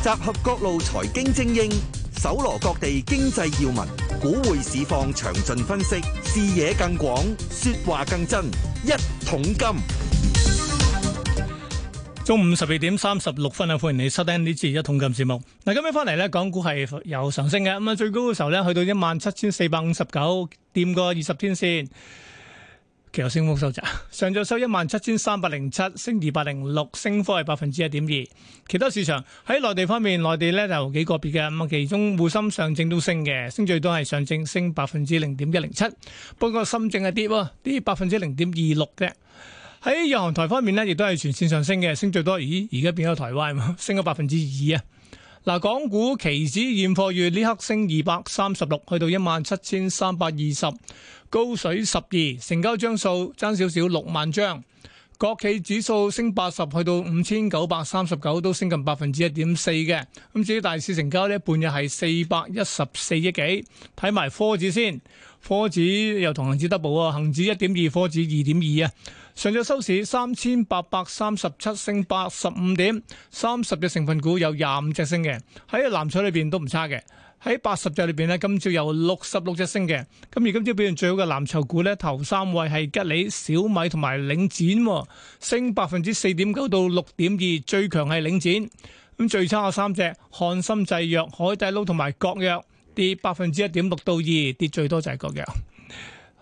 集合各路財經精英，搜羅各地經濟要聞，股匯市況詳盡分析，視野更廣，說話更真。一桶金，中午十二點三十六分啊！歡迎你收聽呢次一桶金節目。嗱，今日翻嚟咧，港股係有上升嘅，咁啊，最高嘅時候呢，去到一萬七千四百五十九，掂過二十天線。有升幅收窄，上晝收一萬七千三百零七，升二百零六，升幅係百分之一點二。其他市場喺內地方面，內地咧就幾個別嘅，咁其中滬深上證都升嘅，升最多係上證升百分之零點一零七，不過深證係跌喎，跌百分之零點二六嘅。喺日韓台方面呢，亦都係全線上升嘅，升最多咦，而家變咗台灣，升咗百分之二啊。嗱，港股期指現貨月呢刻升二百三十六，去到一萬七千三百二十，高水十二，成交張數爭少少六萬張。國企指數升八十，去到五千九百三十九，都升近百分之一點四嘅。咁至於大市成交呢，半日係四百一十四億幾。睇埋科指先，科指又同行，w，恒指 double 啊，恒指一點二，科指二點二啊。上晝收市三千八百三十七升八十五點，三十隻成分股有廿五隻升嘅，喺藍籌裏邊都唔差嘅。喺八十隻裏邊咧，今朝有六十六隻升嘅。咁而今朝表現最好嘅藍籌股呢，頭三位係吉利、小米同埋領展，升百分之四點九到六點二，最強係領展。咁最差嘅三隻，翰森製藥、海底撈同埋國藥，跌百分之一點六到二，跌最多就係國藥。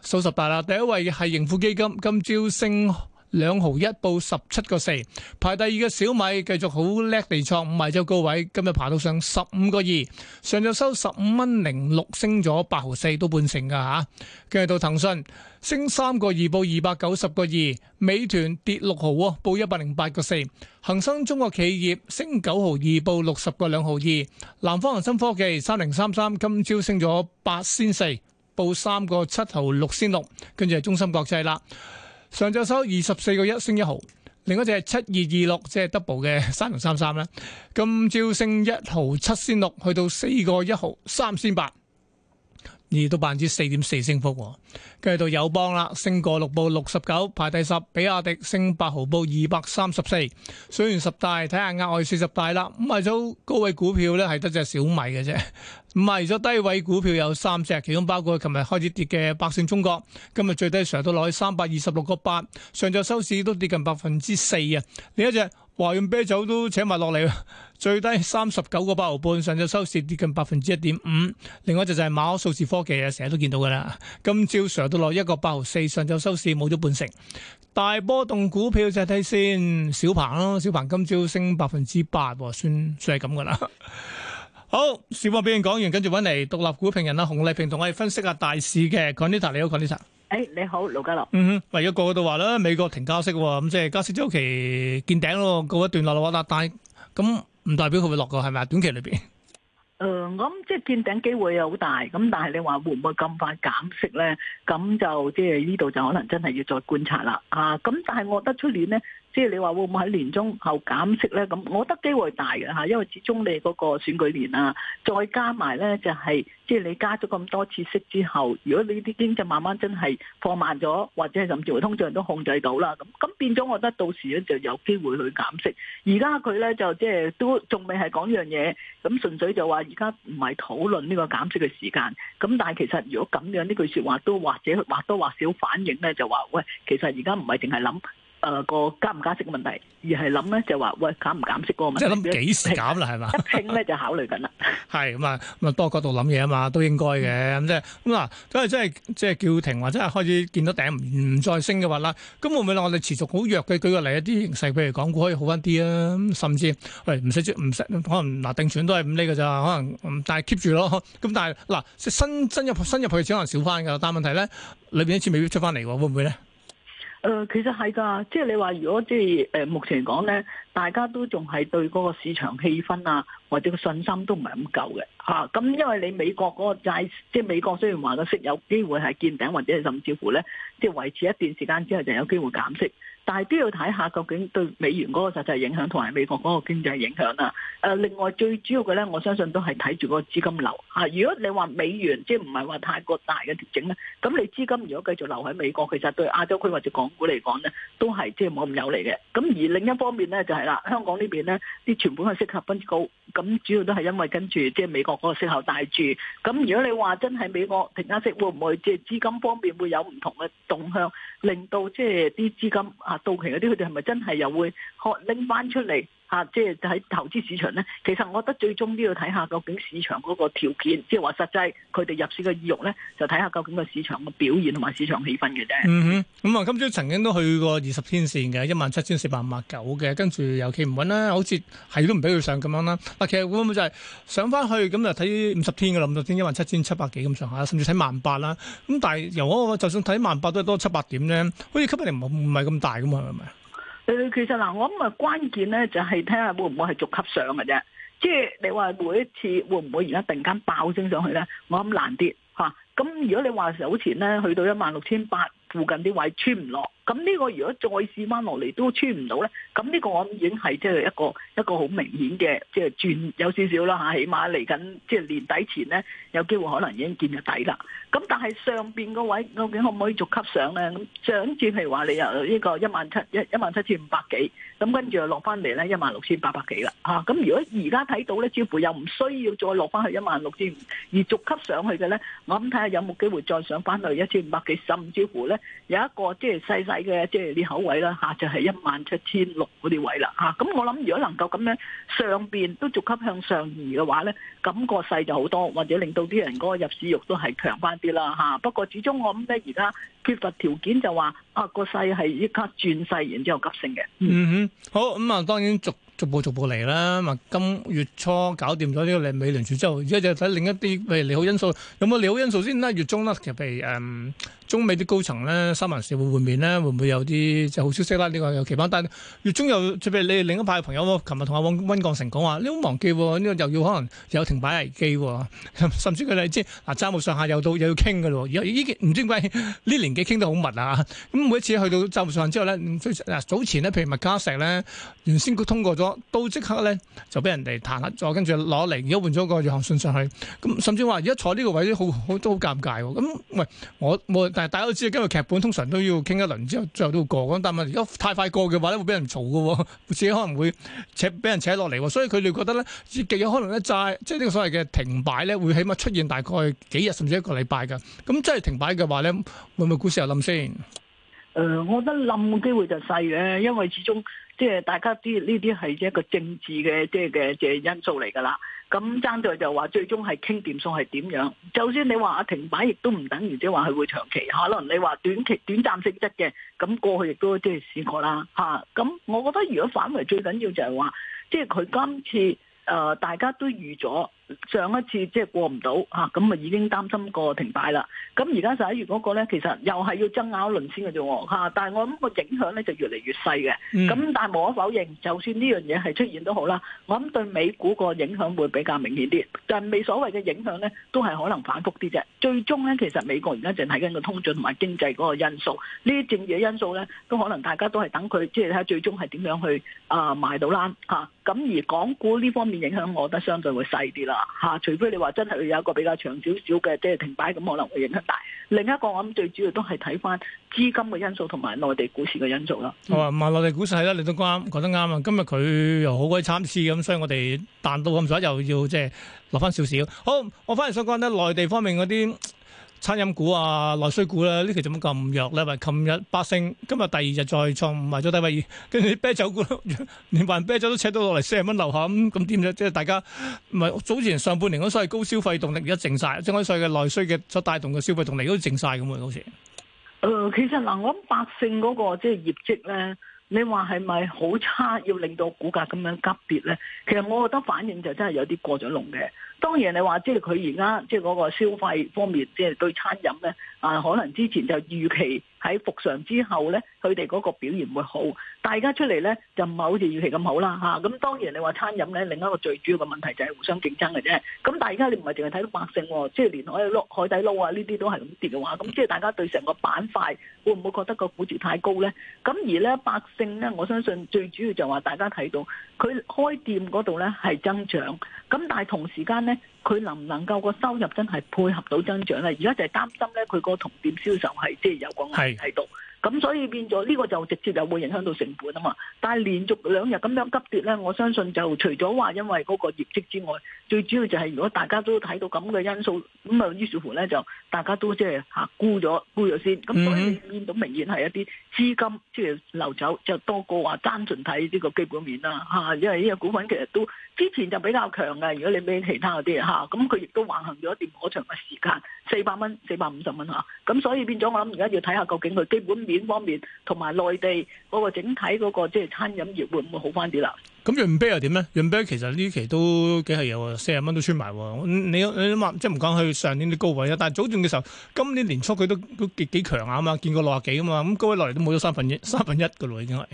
數十八啦，第一位係盈富基金，今朝升兩毫一，報十七個四。排第二嘅小米繼續好叻地創五日新高位，今日爬到上十五個二，上日收十五蚊零六，升咗八毫四，都半成噶嚇。跟住到騰訊，升三個二，報二百九十個二。美團跌六毫喎，報一百零八個四。恒生中國企業升九毫二，報六十個兩毫二。南方恒生科技三零三三，今朝升咗八先四。報三個七毫六仙六，跟住係中心國際啦。上晝收二十四個一升一毫，另外一隻係七二二六，即係 double 嘅三零三三啦。今朝升一毫七仙六，去到四個一毫三仙八。二到百分之四點四升幅。繼續到友邦啦，升過六部六十九，排第十，比亞迪升八毫，報二百三十四。數完十大，睇下額外四十大啦。咁係咗高位股票咧，係得隻小米嘅啫。咁係咗低位股票有三隻，其中包括琴日開始跌嘅百勝中國，今日最低成日都攞三百二十六個八，上晝收市都跌近百分之四啊。另一隻。華潤啤酒都請埋落嚟，最低三十九個八毫半，上晝收市跌近百分之一點五。另外一隻就係馬可數字科技啊，成日都見到噶啦。今朝上都落一個八毫四，上晝收市冇咗半成。大波動股票就睇先，小鵬咯，小鵬今朝升百分之八，算算係咁噶啦。好，小馬表演講完，跟住揾嚟獨立股評人啦。熊麗萍同我哋分析下大市嘅。Connie，你好，Connie。誒、哎，你好，盧家樂。嗯哼，唯有個個都話啦，美國停加息喎，咁即係加息周期見頂咯，告一段落落啦，但係咁唔代表佢會落噶係咪啊？短期裏邊，誒、呃，咁即係見頂機會又好大，咁但係你話會唔會咁快減息咧？咁就即係呢度就可能真係要再觀察啦。啊，咁但係我覺得出年咧。即係你話會唔會喺年中後減息咧？咁我覺得機會大嘅吓，因為始終你嗰個選舉年啊，再加埋咧就係即係你加咗咁多次息之後，如果你啲經濟慢慢真係放慢咗，或者係甚至乎通脹都控制到啦，咁咁變咗我覺得到時咧就有機會去減息。而家佢咧就即係都仲未係講呢樣嘢，咁純粹就話而家唔係討論呢個減息嘅時間。咁但係其實如果咁樣呢句説話都或者或多或少反映咧，就話喂，其實而家唔係淨係諗。誒個加唔加息嘅問題，而係諗咧就話喂減唔減息嗰個問題，即係諗幾時減啦，係嘛？一興咧就考慮緊啦。係咁啊，咁啊多角度諗嘢啊嘛，都應該嘅，咁即係咁嗱，咁啊都係即係叫停，或者係開始見到頂，唔再升嘅話啦，咁會唔會令我哋持續好弱嘅？舉個例啊，一啲形勢譬如港股可以好翻啲啊，甚至喂唔使唔使可能嗱定存都係咁呢嘅咋，可能但係 keep 住咯，咁但係嗱新新入新入去嘅錢可能少翻㗎，但係問題咧裏邊啲錢未必出翻嚟喎，會唔會咧？呃、其實係㗎，即係你話如果即係、呃、目前嚟講咧，大家都仲係對嗰個市場氣氛啊，或者個信心都唔係咁夠嘅嚇。咁因為你美國嗰個債，即係美國雖然話個息有機會係見頂，或者係甚至乎咧，即係維持一段時間之後就有機會減息。但係都要睇下究竟對美元嗰個實際影響同埋美國嗰個經濟影響啦。誒，另外最主要嘅咧，我相信都係睇住嗰個資金流嚇。如果你話美元即係唔係話太過大嘅調整咧，咁你資金如果繼續留喺美國，其實對亞洲區或者港股嚟講咧，都係即係冇咁有利嘅。咁而另一方面咧，就係啦，香港呢邊咧啲存款嘅息率偏高，咁主要都係因為跟住即係美國嗰個息口帶住。咁如果你話真係美國停加息，會唔會即係資金方面會有唔同嘅動向，令到即係啲資金嚇？到期嗰啲，佢哋係咪真係又會學拎翻出嚟？啊，即係喺投資市場咧，其實我覺得最終都要睇下究竟市場嗰個條件，即係話實際佢哋入市嘅意欲咧，就睇下究竟個市場嘅表現同埋市場氣氛嘅啫。嗯哼，咁、嗯、啊，今朝曾經都去過二十天線嘅一萬七千四百五十九嘅，跟住尤其唔穩啦，好似係都唔俾佢上咁樣啦。但其實會唔會就係上翻去咁就睇五十天嘅啦，五十天一萬七千七百幾咁上下，甚至睇萬八啦。咁但係由嗰個就算睇萬八都係多七八點咧，好似吸引力唔係咁大嘅嘛，係咪啊？誒，其實嗱，我諗啊，關鍵咧就係睇下會唔會係逐級上嘅啫，即係你話每一次會唔會而家突然間爆升上去咧？我諗難啲吓。咁、啊、如果你話早前咧，去到一萬六千八附近啲位穿唔落。咁呢個如果再試翻落嚟都穿唔到咧，咁呢個我已經係即係一個一個好明顯嘅即係轉有少少啦嚇，起碼嚟緊即係年底前咧有機會可能已經見咗底啦。咁但係上面嗰位究竟可唔可以逐級上咧？咁上次如 17, 17，譬如話你由呢個一萬七一一萬七千五百幾，咁跟住又落翻嚟咧一萬六千八百幾啦嚇。咁如果而家睇到咧，似乎又唔需要再落翻去一萬六千五，而逐級上去嘅咧，我諗睇下有冇機會再上翻到去一千五百幾，甚至乎咧有一個即係細細。嘅即係呢口位啦嚇，就係一萬七千六嗰啲位啦嚇。咁、啊、我諗如果能夠咁樣上邊都逐級向上移嘅話咧，咁、個勢就好多，或者令到啲人嗰個入市欲都係強翻啲啦嚇。不過始終我諗咧，而家缺乏條件就話啊個勢係依家轉勢，然之後急升嘅。嗯哼，好咁啊、嗯，當然逐逐步逐步嚟啦。咁今月初搞掂咗呢個美美聯儲之後，而家就睇另一啲譬如利好因素。有冇利好因素先啦？月中啦，其實譬如誒。嗯中美啲高層咧三藩市會面咧，會唔會有啲就係、好消息啦？呢、呢個有期盼。但係月中又，譬如你另一派嘅朋友，琴日同阿温温鋼成講話，你好忘記呢、哦呢個又要可能有停擺危機、哦，甚至佢哋即係啊，債務上限又到又要傾嘅咯。而家唔知點解呢年紀傾得好密啊！咁每一次去到債務上限之後咧，嗱早前咧，譬如麥卡錫咧，原先佢通過咗，都即刻咧就俾人哋彈劾咗，跟住攞嚟而家換咗個約翰遜上去。咁甚至話而家坐呢個位都好好都好尷尬、哦。咁喂，我我。但係大家都知道，今日劇本通常都要傾一輪之後，最後都會過咁。但係如果太快過嘅話咧，會俾人嘈㗎，自己可能會扯俾人扯落嚟。所以佢哋覺得咧，亦有可能咧債，即係呢個所謂嘅停擺咧，會起碼出現大概幾日甚至一個禮拜㗎。咁真係停擺嘅話咧，會唔會股市又冧先？誒、呃，我覺得冧嘅機會就細嘅，因為始終即係大家知呢啲係一個政治嘅即係嘅嘅因素嚟㗎啦。咁爭在就話，最終係傾掂數係點樣？就算你話啊停擺，亦都唔等於即係話佢會長期。可能你話短期短暫性質嘅，咁過去亦都即係試過啦嚇。咁我覺得如果反回最緊要就係話，即係佢今次、呃、大家都預咗。上一次即係過唔到吓，咁啊那已經擔心個停擺啦。咁而家十一月嗰個咧，其實又係要爭拗一輪先嘅啫喎吓。但係我諗個影響咧就越嚟越細嘅。咁但係無可否認，就算呢樣嘢係出現都好啦，我諗對美股個影響會比較明顯啲。但係未所謂嘅影響咧，都係可能反覆啲啫。最終咧，其實美國而家淨係睇緊個通脹同埋經濟嗰個因素。呢啲政治因素咧，都可能大家都係等佢，即係睇下最終係點樣去啊賣到啦吓。咁、啊、而港股呢方面影響，我覺得相對會細啲啦。吓，除非你話真係有一個比較長少少嘅即係停擺，咁可能會影響大。另一個我諗最主要都係睇翻資金嘅因素同埋內地股市嘅因素啦、嗯。哦，唔係內地股市係啦，你都啱，講得啱啊。今日佢又好鬼參差咁，所以我哋彈到咁，所以又要即係落翻少少。好，我反而想講咧，內地方面嗰啲。餐飲股啊，內需股咧，這麼這麼呢期做乜咁弱咧？咪琴日百勝今日第二日再創埋咗低位二，跟住啲啤酒股，連華潤啤酒都扯到落嚟四十蚊樓下咁，咁點啫？即係大家唔係早前上半年咁，所謂高消費動力而家淨晒，即所謂嘅內需嘅所帶動嘅消費動力都淨晒咁嘅，好似。誒、呃，其實嗱、呃，我諗百勝嗰、嗰個即係業績咧。你話係咪好差要令到股價咁樣急跌咧？其實我覺得反應就真係有啲過咗龍嘅。當然你話即係佢而家即係嗰個消費方面，即係對餐飲咧，啊可能之前就預期，喺復常之後咧，佢哋嗰個表現會好。大家出嚟咧就唔係好似預期咁好啦嚇。咁、啊、當然你話餐飲咧，另一個最主要嘅問題就係互相競爭嘅啫。咁但係而家你唔係淨係睇到百勝、哦，即係連海底、海底撈啊呢啲都係咁跌嘅話，咁即係大家對成個板塊會唔會覺得個估值太高咧？咁而咧百勝咧，我相信最主要就話大家睇到佢開店嗰度咧係增長。咁但係同時間咧。佢能唔能夠個收入真係配合到增長咧？而家就係擔心咧，佢個同店銷售係即係有個壓力喺度，咁所以變咗呢個就直接就會影響到成本啊嘛。但係連續兩日咁樣急跌咧，我相信就除咗話因為嗰個業績之外，最主要就係如果大家都睇到咁嘅因素，咁啊於是乎咧就大家都即係嚇沽咗沽咗先。咁所以你見到明顯係一啲資金即係、就是、流走，就多過話單純睇呢個基本面啦嚇。因為呢個股份其實都。之前就比較強嘅，如果你比其他嗰啲嚇，咁佢亦都橫行咗一段好長嘅時間，四百蚊、四百五十蚊嚇，咁所以變咗我諗，而家要睇下究竟佢基本面方面同埋內地嗰個整體嗰、嗰個即係、即係、餐飲業會唔會好翻啲啦？咁潤啤又點咧？潤啤其實呢期都幾係有四十蚊都穿埋喎，你你、你即係唔講去上年啲高位啊，但係早段嘅時候，今年年初佢都都幾幾強下啊嘛，見過六廿幾啊嘛，咁高位落嚟都冇咗三分一三分一嘅咯，已經係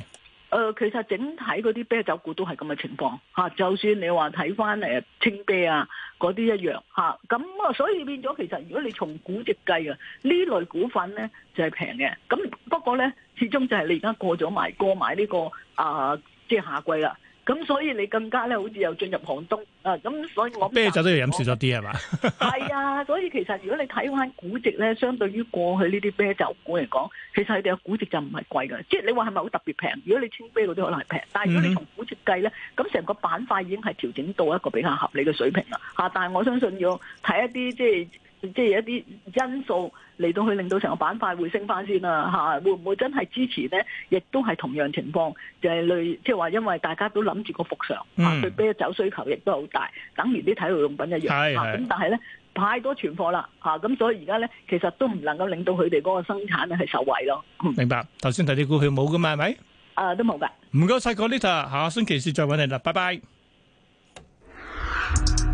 誒、呃，其實整體嗰啲啤酒股都係咁嘅情況，嚇、啊，就算你話睇翻誒清啤啊嗰啲一樣，嚇、啊，咁啊，所以變咗其實如果你從估值計啊，呢類股份咧就係平嘅，咁不過咧始終就係你而家過咗埋過埋呢、呢個啊即係夏季啦。咁所以你更加咧，好似又進入寒冬啊！咁所以我啤酒都要飲少咗啲係嘛？係 啊，所以其實如果你睇返估值咧，相對於過去呢啲啤酒股嚟講，其實佢哋嘅估值就唔係貴㗎。即係你話係咪好特別平？如果你清啤嗰啲可能係平，但係如果你從估值計咧，咁成個板塊已經係調整到一個比較合理嘅水平啦、吓。但係我相信要睇一啲即係。就是即係一啲因素嚟到去令到成個板塊會升翻先啦、啊、嚇、啊，會唔會真係支持咧？亦都係同樣情況，就係、是、類即係話，就是、因為大家都諗住個復常嚇，對啤酒需求亦都好大，等於啲體育用品一樣咁、啊、但係咧太多存貨啦嚇，咁、啊、所以而家咧其實都唔能夠令到佢哋嗰個生產係受惠咯、嗯。明白。頭先提啲股票冇噶嘛係咪？啊，都冇噶。唔該晒個 Lita 嚇，下星期四再揾你啦，拜拜。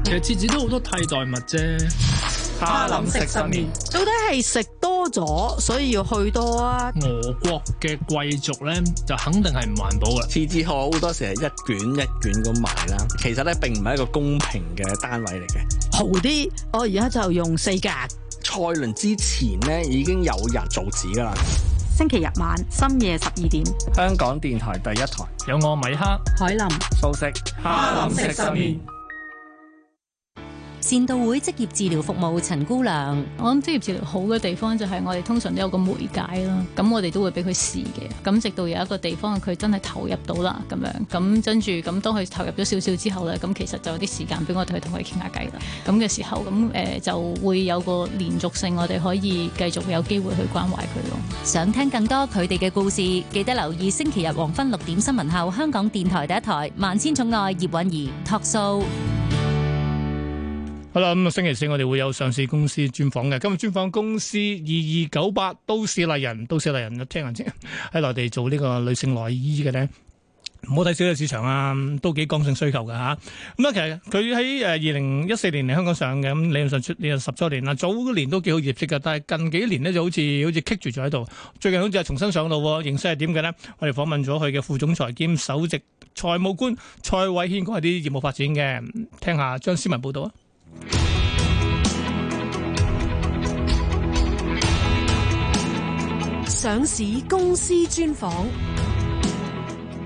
其實設置都好多替代物啫。哈林食新年，到底係食多咗，所以要去多啊？俄國嘅貴族咧，就肯定係唔環保嘅。廁紙好多時係一卷一卷咁賣啦，其實咧並唔係一個公平嘅單位嚟嘅。好啲，我而家就用四格。蔡倫之前咧已經有人造紙噶啦。星期日晚深夜十二點，香港電台第一台有我米克、海林、素食。哈林食新年。善導會職業治療服務陳姑娘，我諗職業治療好嘅地方就係我哋通常都有個媒介咯，咁我哋都會俾佢試嘅。咁直到有一個地方佢真係投入到啦，咁樣咁跟住，咁當佢投入咗少少之後呢，咁其實就有啲時間俾我哋去同佢傾下偈啦。咁嘅時候，咁誒就會有個連續性，我哋可以繼續有機會去關懷佢咯。想聽更多佢哋嘅故事，記得留意星期日黃昏六點新聞後，香港電台第一台《萬千寵愛》葉韻儀 Talk Show。TalkSoul 好啦，咁啊，星期四我哋會有上市公司專訪嘅。今日專訪公司二二九八都市麗人。都市麗人，聽下先喺內地做呢個女性內衣嘅咧，唔好睇小嘅市場啊，都幾剛性需求㗎，啊。吓。咁其實佢喺誒二零一四年嚟香港上嘅咁，理論上出年就十周年啦。早年都幾好業績㗎，但係近幾年咧就好似好似棘住咗喺度。最近好似係重新上路，形勢係點嘅咧？我哋訪問咗佢嘅副總裁兼首席財務官蔡偉軒，講下啲業務發展嘅。聽下張思文報道啊。上市公司專訪。